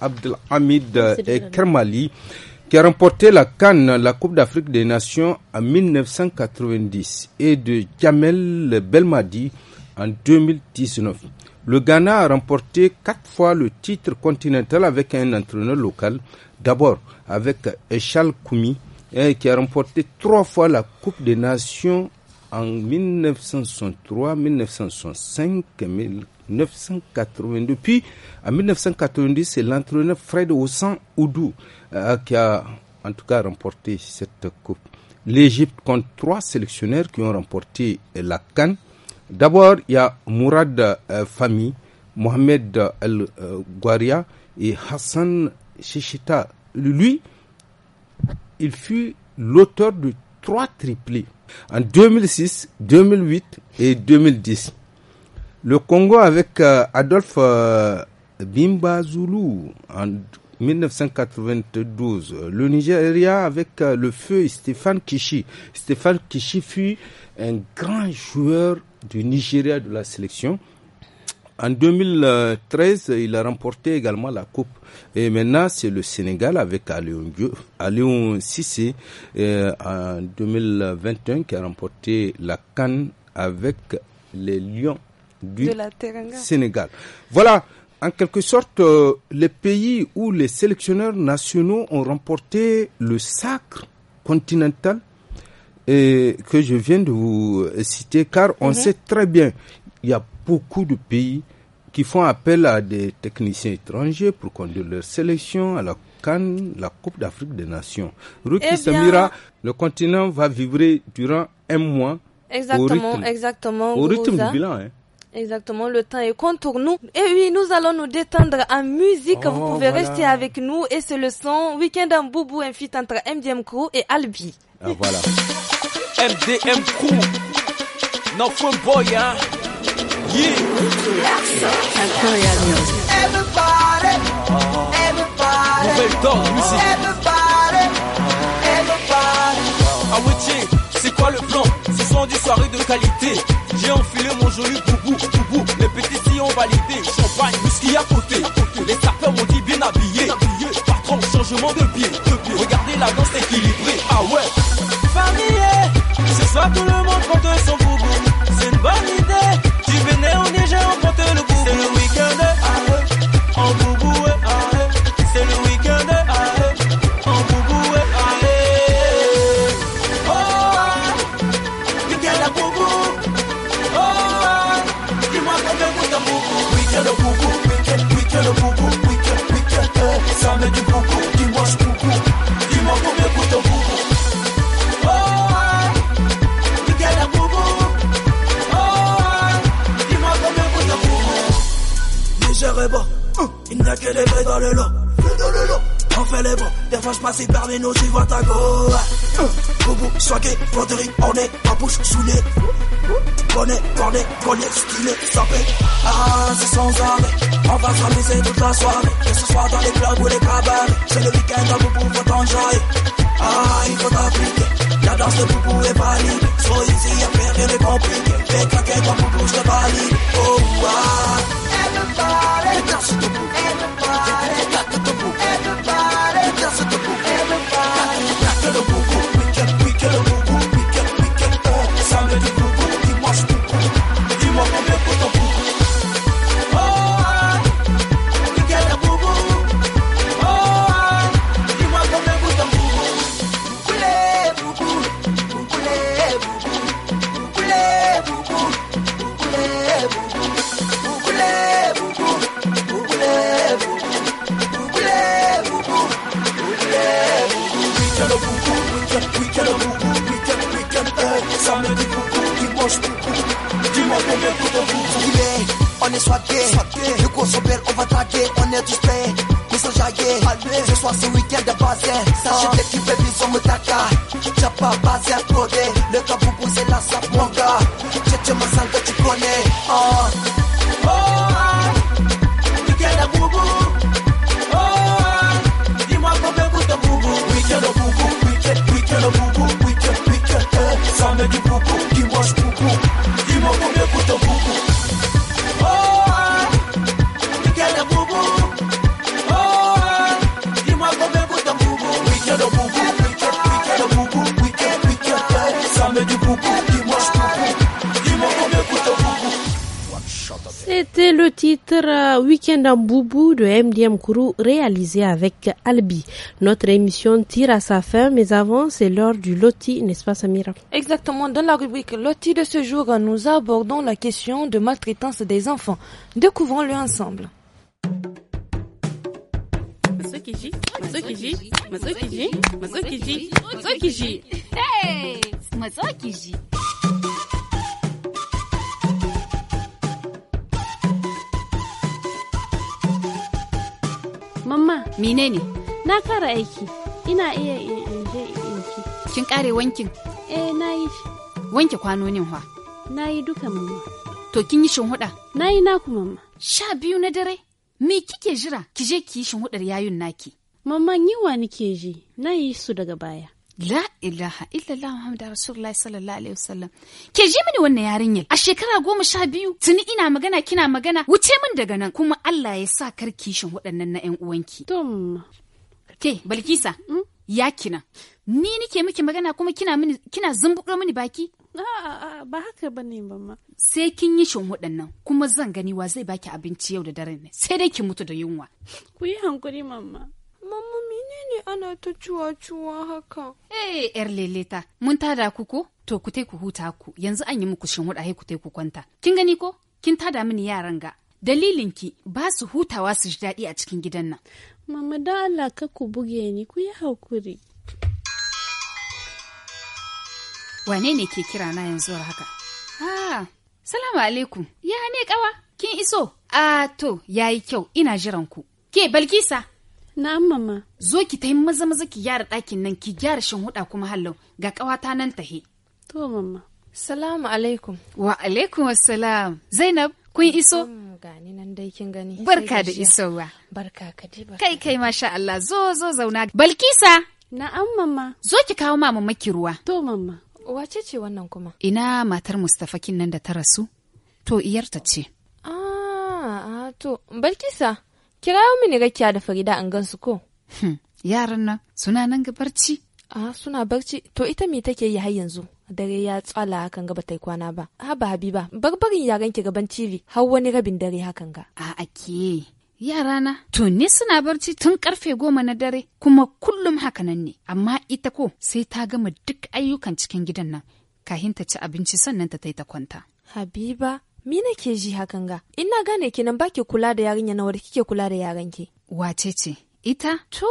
Abdelhamid et Kermali qui a remporté la Cannes, la Coupe d'Afrique des Nations en 1990 et de Kamel Belmadi en 2019. Le Ghana a remporté quatre fois le titre continental avec un entraîneur local, d'abord avec Echal Koumi, hein, qui a remporté trois fois la Coupe des Nations en 1963, 1965, et 1982. Puis, en 1990, c'est l'entraîneur Fred Ossan Oudou euh, qui a en tout cas remporté cette coupe. L'Égypte compte trois sélectionneurs qui ont remporté la Cannes. D'abord, il y a Mourad euh, Fami, Mohamed El euh, Guaria et Hassan Shishita. Lui, il fut l'auteur de trois triplés en 2006, 2008 et 2010. Le Congo avec Adolphe Bimba Zoulou en 1992, le Nigeria avec euh, le feu Stéphane Kishi. Stéphane Kishi fut un grand joueur du Nigeria de la sélection. En 2013, il a remporté également la Coupe. Et maintenant, c'est le Sénégal avec Aléon Sissé euh, en 2021 qui a remporté la Cannes avec les Lions du Sénégal. Voilà, en quelque sorte euh, les pays où les sélectionneurs nationaux ont remporté le sacre continental et que je viens de vous euh, citer, car on mhm. sait très bien, il y a beaucoup de pays qui font appel à des techniciens étrangers pour conduire leur sélection à la Cannes, la Coupe d'Afrique des Nations. Ruki eh Samira, le continent va vibrer durant un mois. Exactement, au rythme, exactement. Au rythme du bilan. Hein. Exactement, le temps est contre nous. Et oui, nous allons nous détendre en musique. Vous oh, pouvez rester avec nous et c'est le son Weekend en Boubou, un feat entre MDM Crew et Albi. Ah, voilà. MDM Crew, non fun boy, hein? Yeah! Everybody, everybody, everybody, everybody. Ah, c'est quoi le plan? du soirée de qualité. J'ai enfilé mon joli boubou, boubou. Les petits filles ont validé. Champagne, whisky à côté. Les sapins m'ont dit bien habillé. Patron, changement de pied. Regardez la danse équilibrée. Ah ouais. Famille, ce soir tout le monde compte son que les dans le lot. On fait les bons, des fois je passe par les nos suivants ta go. Hum. Boubou, swagué, broderie, on est en bouche saoulée. Bonnet, cornet, bonnet, stylé, sapé. Ah, c'est sans armée, On va s'amuser toute la soirée. Que ce soit dans les clubs ou les cabarets. C'est le week-end à Boubou, faut Ah, il faut t'appliquer. La danse de Boubou est valide. So easy, y'a plus rien de compliqué. Fais claquer ton Poupou, je le valide. Oh, ah. Everybody. réalisé avec Albi. Notre émission tire à sa fin, mais avant, c'est l'heure du loti, n'est-ce pas Samira Exactement, dans la rubrique loti de ce jour, nous abordons la question de maltraitance des enfants. Découvrons-le ensemble. Hey menene na kara aiki ina iya in je kin kare wankin eh na yi wanke kwanonin wa na yi duka mamma to kin yi shinhuda na yi naku mamma sha biyu na dare me kike jira ki je ki yi shinhudar yayun naki mamman yiwa nike ji na yi su daga baya la ilaha illallah muhammadu rasulullahi sallallahu alaihi wasallam ke ji mini wannan yarinyar a shekara goma sha biyu tuni ina magana kina magana wuce min daga nan kuma Allah ya sa kar kishin waɗannan na ƴan uwanki ke balkisa hmm? ya kina ni nike miki magana kuma kina mini kina zumbuɗo mini baki a'a ba haka ba ne ba ma sai kin yi shin waɗannan kuma zan gani wa zai baki abinci yau da dare ne sai dai ki mutu da yunwa ku yi hankuri mamma mamma menene ana ta cuwa-cuwa haka? Eh, yar leleta, mun tada ku ko? To ku ku huta ku, yanzu an yi muku shinwuɗa ku ku kwanta. Kin gani ko? Kin tada mini yaran ga. Dalilinki ba su hutawa su ji daɗi a cikin gidan nan. Mama da Allah ka ku buge ni ku yi hakuri. Wane ne ke kira na yanzu haka? Ah, salamu alaikum. Ya ne kawa? Kin iso? Ah, to, yayi kyau, ina jiran ku. Ke Balkisa, Na'am mama. Zo ki tayi maza maza ki gyara ɗakin nan ki gyara shan huɗa kuma hallau ga ƙawata nan ta he. To mama. Salamu alaikum. Wa alaikum assalam. Zainab kun iso? Mm, gani nan dai kin gani. Barka da isowa. Barka ka dai barka. Kai kai masha Allah zo zo zauna. Balkisa. Na'am mama. Zo ki kawo mama maki ruwa. To mama. Wace ce wannan kuma? Ina matar Mustapha kin nan da ta rasu? To iyarta ce. Ah, ah to Balkisa. Kirawo mini rakiya da Farida an gansu ko? Hmm, yaran nan suna nan ga barci. Ah, suna barci. To ita me take yi har yanzu? Dare ya tsala hakan ga bata kwana ba. Haba Habiba, barbarin yaran ki gaban TV har wani rabin dare hakan ga. A ake. yarana to ni suna barci tun karfe goma na dare kuma kullum hakanan ne amma ita ko sai ta gama duk ayyukan cikin gidan nan kahin ta ci abinci sannan ta ta kwanta habiba mi nake ji hakan ga ina gane kenan baki kula da yarinya na wadda kike kula da yaranki wace ce ita to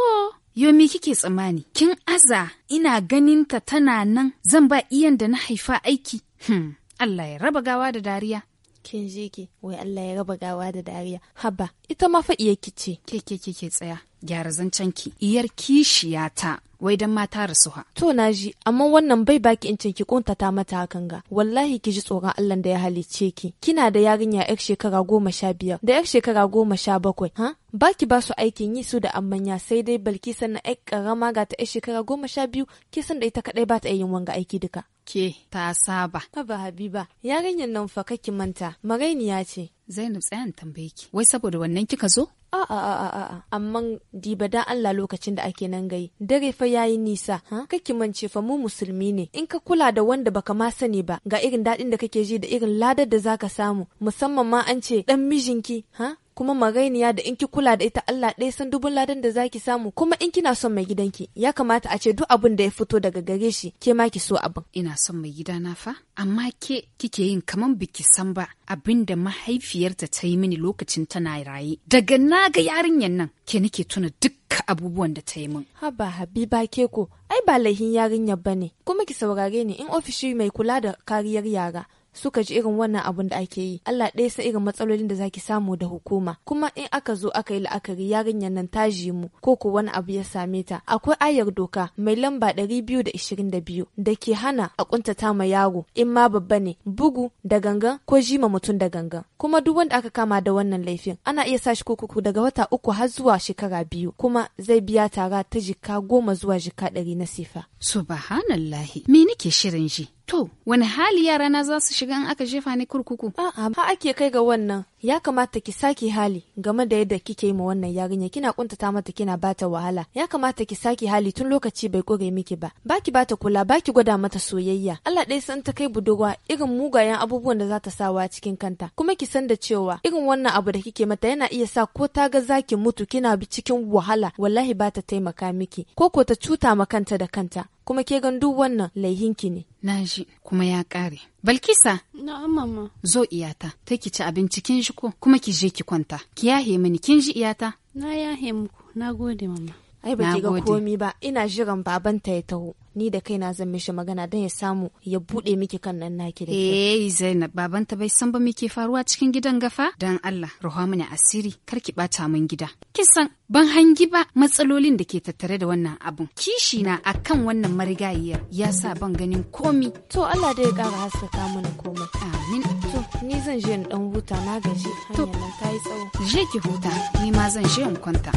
Yomi kike tsammani, kin aza ina ganin ta tana nan zan ba iyan da na haifa aiki. Hmm, Allah ya raba gawa da dariya. Kin ji ki, wai Allah ya raba gawa da dariya. Haba, ita ma fa iya kice. Ke ke ke tsaya, gyara zancen ki. Iyar kishiyata wai dan mata rasu ha to na ji amma wannan bai baki in can ki kuntata mata hakan ga wallahi ki ji tsoron Allah da ya halicce ki kina da yarinya yar shekara goma sha biyar da yar shekara goma sha bakwai ha baki ba su aikin yi su da amanya sai dai balki sannan ai karama ga ta shekara goma sha biyu kisan san da ita kaɗai ba ta yin wanga aiki duka ke ta saba haba habiba yarinyar nan fa kake manta maraini ya ce Zainab tsayan tambaye ki. Wai saboda wannan kika zo? A'a a a'a amma diba da Allah lokacin da ake nan gai. Dare fa yayi nisa, ha? Kake mance fa mu musulmi ne. In ka kula da wanda baka ma sani ba, ga irin dadin da kake ji da irin ladar da zaka samu, musamman ma an ce dan mijinki, ha? kuma magainiya da in ki kula da ita Allah ɗaya san dubun ladan da zaki samu kuma in kina son mai gidanki ya kamata a ce duk abin da ya fito daga gare shi ke ma ki so abin ina son mai gida na fa amma ke kike yin kaman biki san ba abin da mahaifiyarta ta yi mini lokacin tana raye daga na ga yarinyar nan ke nake tuna duk abubuwan da ta yi min haba habiba ke ko ai ba laihin yarinyar ne. kuma ki saurare ni in ofishi mai kula da kariyar yara suka ji irin wannan abun da ake yi Allah ɗaya san irin matsalolin da zaki samu da hukuma kuma in aka zo aka yi la'akari yarinyar nan ta mu ko ko wani abu ya same ta akwai ayar doka mai lamba ɗari 222 da biyu ke hana a kuntata ma yaro in ma babba ne bugu da gangan ko jima mutum da gangan kuma duk wanda aka kama da wannan laifin ana iya sa shi kurkuku daga wata uku har zuwa shekara biyu kuma zai biya tara ta jika goma zuwa jika ɗari na sifa subhanallahi me nake shirin ji To, wani hali yara na za su shiga in aka jefa ni kurkuku? A'a, ha ake kai ga wannan. ya kamata ki saki hali game da yadda kike yi ma wannan yarinya kina kuntata mata kina bata wahala ya kamata ki saki hali tun lokaci bai kore miki ba baki bata kula baki gwada mata soyayya Allah dai san ta kai budurwa irin mugayen abubuwan da za ta sawa cikin kanta kuma ki san da cewa irin wannan abu da kike mata yana iya sa ko ta ga zaki mutu kina bi cikin wahala wallahi bata taimaka miki ko ko ta cuta ma kanta da kanta kuma ke gan duk wannan laihinki ne na kuma ya kare Balkisa. Na'am mama. Zo iyata, ta ki ci abinci kin shi ko kuma ki je ki kwanta. Ki yahe mini kin ji iyata? Na yahe muku, na gode mama. ai ba ga komi ba ina jiran babanta ya taho ni da kaina zan mishi magana don ya samu ya bude miki kan nan naki da eh Zainab babanta bai san ba miki faruwa cikin gidan gafa dan Allah ruha mini asiri kar ki bata mun gida kin san ban hangi ba matsalolin da ke tattare da wannan abun kishi na akan wannan marigayiyar ya sa ban ganin komi to Allah dai ya kara haskaka mana komai amin to ni zan je in dan huta na gaji hanyar nan ta tsawo je ki huta ni ma zan je in kwanta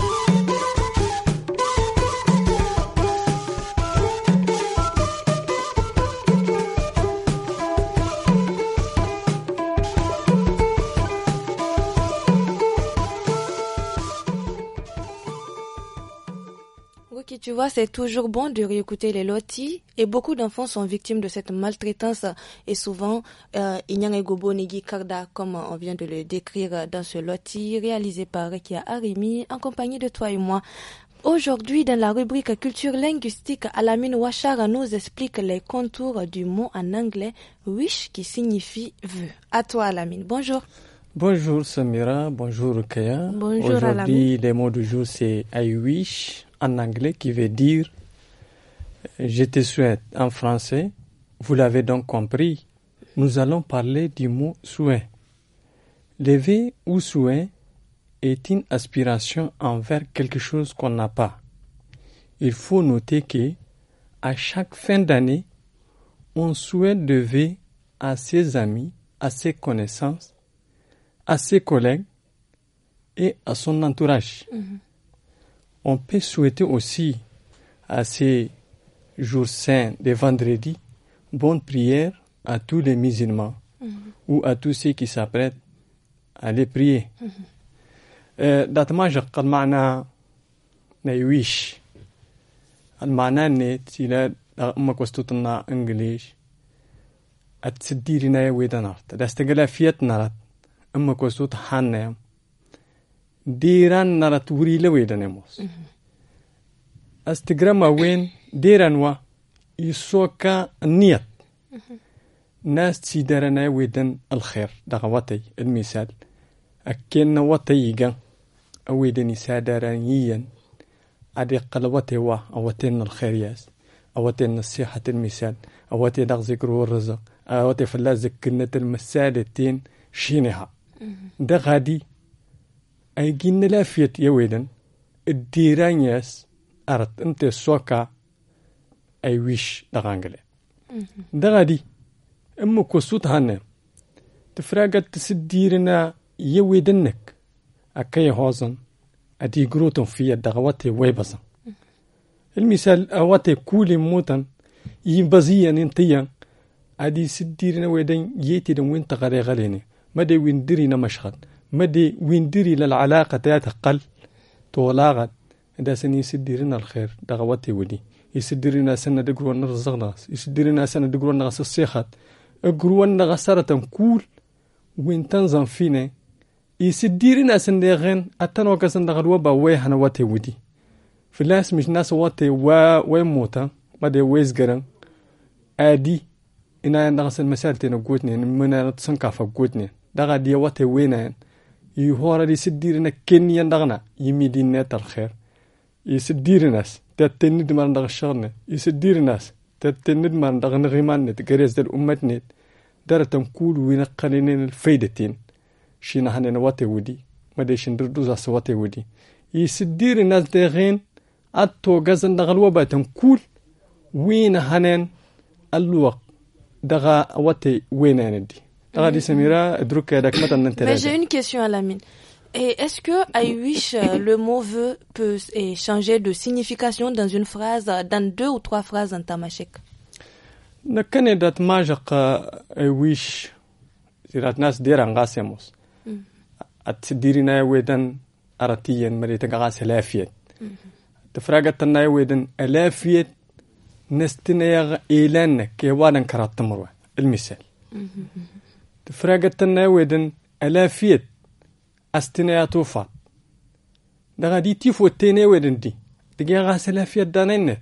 Ok, tu vois, c'est toujours bon de réécouter les lotis et beaucoup d'enfants sont victimes de cette maltraitance et souvent euh, Gobo Negi Karda, comme on vient de le décrire dans ce loti réalisé par Rekia Arimi en compagnie de toi et moi. Aujourd'hui, dans la rubrique culture linguistique, Alamine Ouachara nous explique les contours du mot en anglais wish qui signifie veut ». À toi, Alamine. Bonjour. Bonjour, Samira. Bonjour, Kaya. Bonjour, Aujourd'hui, les mots du jour, c'est I wish, en anglais qui veut dire je te souhaite en français. Vous l'avez donc compris, nous allons parler du mot souhait. Lever ou souhait est une aspiration envers quelque chose qu'on n'a pas. Il faut noter que, à chaque fin d'année, on souhaite lever à ses amis, à ses connaissances, à ses collègues et à son entourage. Mm-hmm on peut souhaiter aussi à ces jours saints de vendredi bonne prière à tous les musulmans mhm. ou à tous ceux qui s'apprêtent à les prier. D'atma mana ne wish. Mana ne tila ma kostutna anglais. At siddiri na yewidanart. Dastegala fiat narat. Ma kostut euh, hanem. ديران نرت وري لوي دنموس استغرام وين ديران وا يسوكا النيت ناس تي تيدرنا ويدن الخير دغواتي المثال أكين وطيقا أويدن سادرانيا أدي قلواتي وا أواتين الخير ياس أواتين الصحة المثال أواتي دغ ذكر الرزق أواتي فلا ذكرنا المسالتين شينها ده غادي ayginna laafiyat yawedan iddiiranyas arat inte soka ay wish dhaqaangale daqadi ama kusut hane tafragat tasidiirina yawedanak akaya hoosan adii gurutan fiya daqawate waybasan المثال أواتي كل موتا يبزيا انتيا أدي سديرنا ويدين يتي وين تغري غليني ما دي وين ديرنا مشخد مدي ويندري للعلاقة تاعت قل تولاغا دا سن يسديرين الخير دغواتي ودي يسديرين سنة دقروا النغس زغنغس سنة دقروا نغس السيخات اقروا نغسارة كول وين تنزم فينا يسديرين سنة غين اتنوا كسن با باوي واتي ودي فلاس مش ناس واتي وا ويموتا مدي ويزقرن ادي إنا نغسل مسالتين قوتنين من تسنكا فقوتنين دغا دي واتي وينين يهورا لي سديرنا كنيا نغنا يميدينا الخير يسدير ناس تتند ما ندغ الشغل يسدير ناس تتند ما ندغ نغيمان نت غريز دل أمتنا دار تنقول وين قنينين الفيدتين شينا هنا واتي ودي مديش ندردوز اس واتي ودي يسدير ناس داغين أتو غزن دغ وبا تنقول وين هنان الوق دغا واتي وين ندي Radi Samira, Mais j'ai une question à la mine. Et est-ce que I wish, euh, le mot veut peut changer de signification dans une phrase, euh, dans deux ou trois phrases en tamashek? na kane dat majaka euh, i wish sirat nas dera ngasemos At mm. at dirina e wedan aratiyen marita ga elafiet. Te fraga tanay wedan weden elafiet ya er ilan ke wadan karat tamru misal. Mm-hmm. تفراقتنا ويدن ألافيت أستنا توفات دا غادي تيفو تينا ويدن دي تجي غاس لافيت دانينت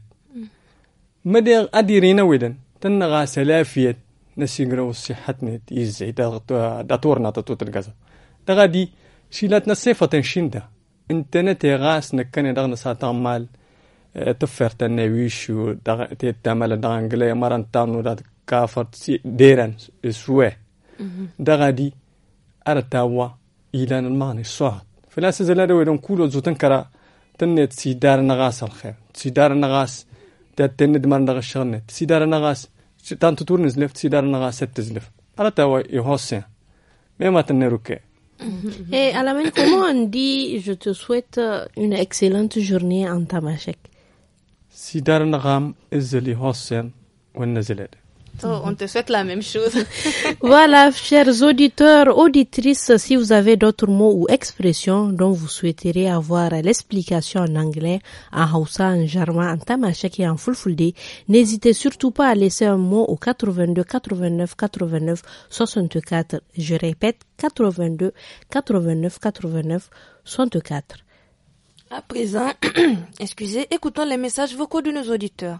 مدي أديرينا ودن تنا غاس ألافيت نسيقرا صحتنا يزي دا تورنا تتوت القزا دا غادي شيلاتنا صفة تنشندا انت نتي غاس نكني دغنا عمال آه، تفرت تنويش ودغ تتعمل دغنقلي مران تامنو دا كافر ديران سواه dagadi aratawa ilan المغني الصعد فلا سزلا دو يدون كولو زو تنكرا تنت سيدار نغاس الخير سيدار نغاس تتند من دغ الشغنت سيدار نغاس تان تطور نزلف سيدار نغاس تزلف aratawa يهوسين مما تنروكي (laughs) Et eh, Alamine, comment on dit je te souhaite euh, une excellente journée en Tamashek? Sidar Nagam Izeli Hossein Wenneziled. Oh, on te souhaite la même chose. (laughs) voilà, chers auditeurs, auditrices, si vous avez d'autres mots ou expressions dont vous souhaiterez avoir l'explication en anglais, en Hausa, en Jarma, en Tamashek et en Fulfulde, n'hésitez surtout pas à laisser un mot au 82 89 89 64. Je répète, 82 89 89 64. À présent, (clears throat) excusez, écoutons les messages vocaux de nos auditeurs.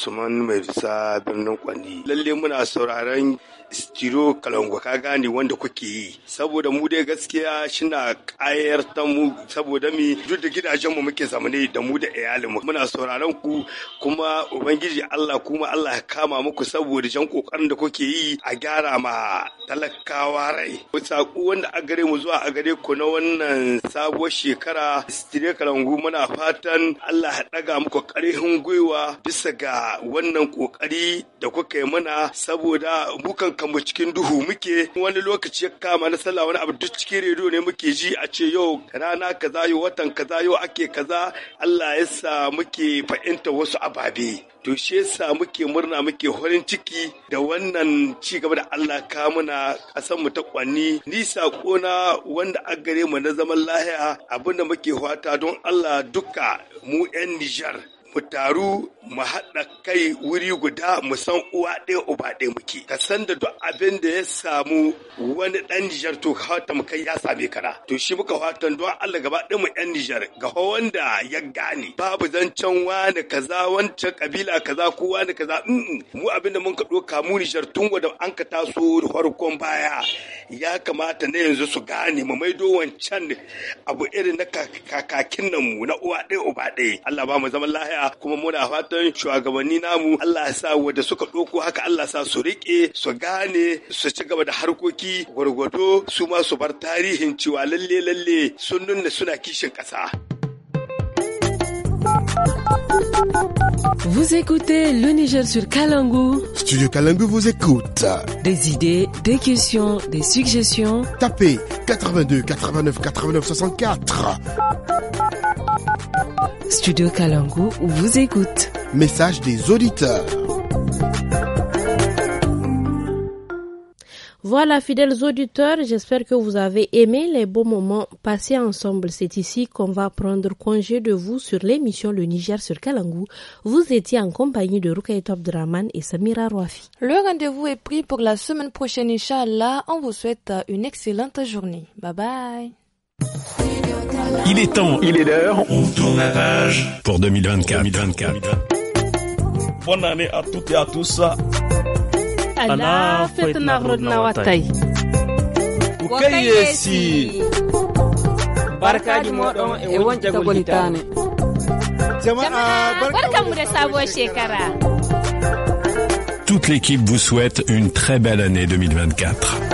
Usman mai bisa birnin Kwani. Lalle muna sauraron Stiro Kalango ka gane wanda kuke yi. Saboda mu dai gaskiya shina ƙayar ta mu saboda mi duk da gidajen mu muke zamane da mu da iyalin mu. Muna sauraron ku kuma Ubangiji Allah kuma Allah ya kama muku saboda jan kokarin da kuke yi a gyara ma talakawa rai. Saƙo wanda a gare mu zuwa a gare ku na wannan sabuwar shekara Stiro Kalangu muna fatan Allah ya ɗaga muku ƙarfin gwiwa bisa ga wannan kokari da kuka yi mana saboda mukan kanmu cikin duhu muke wani lokaci ya kama na sallah wani abu duk cikin rediyo ne muke ji a ce yau rana kaza yau watan kaza yau ake kaza Allah ya sa muke fa'inta wasu ababe to shi yasa muke murna muke horin ciki da wannan ci gaba da Allah ka muna kasan mu ta kwanni ni sako na wanda a gare mu na zaman lahiya abinda muke fata don Allah duka mu 'yan Nijar mu taru mu haɗa kai wuri guda mu san uwa ɗaya uba ɗaya muke ka san da duk abin da ya samu wani ɗan Nijar to ka hata mu kai ya same ka to shi muka hatan don Allah gaba ɗaya mu ɗan Nijar ga wanda ya gane babu zancen wani kaza wancan kabila kaza ko wani kaza mu abin da mun ka ɗoka mu Nijar tun wanda an ka taso farkon baya ya kamata na yanzu su gane mu maido wancan abu irin na kakakin nan mu na uwa ɗaya uba ɗaya Allah ba mu zaman lahiya Vous écoutez le Niger sur Kalangu. Studio Kalangu vous écoute. Des idées, des questions, des suggestions. Tapez 82 89 89 64. Studio Kalangu vous écoute. Message des auditeurs. Voilà, fidèles auditeurs, j'espère que vous avez aimé les beaux moments passés ensemble. C'est ici qu'on va prendre congé de vous sur l'émission Le Niger sur Kalangu. Vous étiez en compagnie de Rukai Top Draman et Samira Rouafi. Le rendez-vous est pris pour la semaine prochaine, Inch'Allah. On vous souhaite une excellente journée. Bye bye. Il est temps, il est l'heure, on tourne la page pour 2024. Bonne année à toutes et à tous. Toute l'équipe vous souhaite une très belle année 2024.